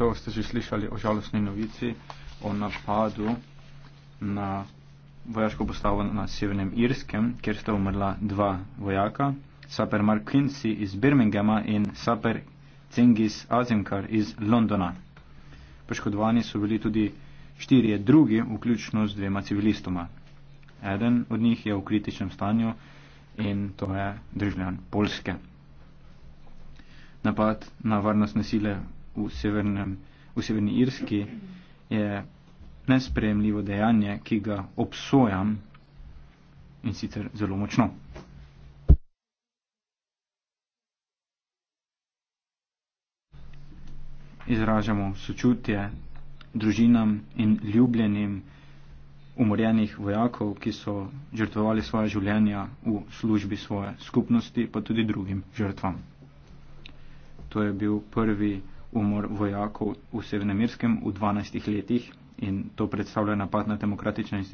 to ste že slišali o žalostni novici o napadu na vojaško postavo na Severnem Irskem, kjer sta umrla dva vojaka, Saper Mark Quincy iz Birminghama in Saper Cengiz Azimkar iz Londona. Poškodovani so bili tudi štirje drugi, vključno z dvema civilistoma. Eden od njih je v kritičnem stanju in to je državljan Polske. Napad na varnostne sile v, severnem, v Severni Irski, je nesprejemljivo dejanje, ki ga obsojam in sicer zelo močno. Izražamo sočutje družinam in ljubljenim umorjenih vojakov, ki so žrtvovali svoje življenja v službi svoje skupnosti, pa tudi drugim žrtvam. To je bil prvi umor vojakov v Severnem Irskem v 12 letih in to predstavlja napad na demokratične institucije.